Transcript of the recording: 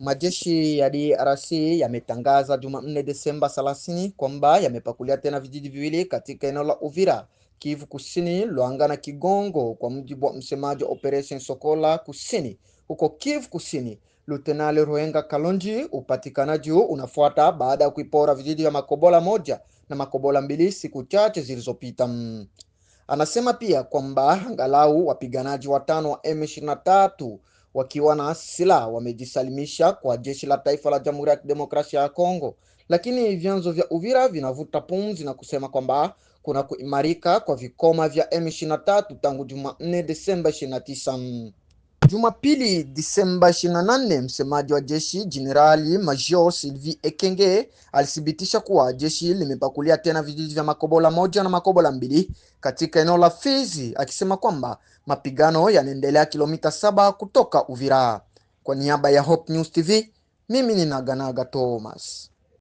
Majeshi ya DRC yametangaza Jumanne Desemba 30 kwamba yamepakulia tena vijiji viwili katika eneo la Uvira, Kivu Kusini, Lwanga na Kigongo, kwa mujibu wa msemaji wa Operation Sokola Kusini huko Kivu Kusini, Lutenali Ruenga Kalonji. Upatikanaji huu unafuata baada ya kuipora vijiji vya Makobola moja na Makobola mbili siku chache zilizopita. Anasema pia kwamba angalau wapiganaji watano wa M23 wakiwa na silaha wamejisalimisha kwa jeshi la taifa la Jamhuri ya Kidemokrasia ya Kongo, lakini vyanzo vya Uvira vinavuta pumzi na kusema kwamba kuna kuimarika kwa vikoma vya M23 tangu Jumanne Desemba 29. Jumapili Disemba 28, msemaji wa jeshi Jenerali Major Sylvie Ekenge alithibitisha kuwa jeshi limepakulia tena vijiji vya Makobola moja na Makobola mbili katika eneo la Fizi, akisema kwamba mapigano yanaendelea kilomita saba kutoka Uvira. Kwa niaba ya Hope News TV, mimi ni Naganaga Thomas.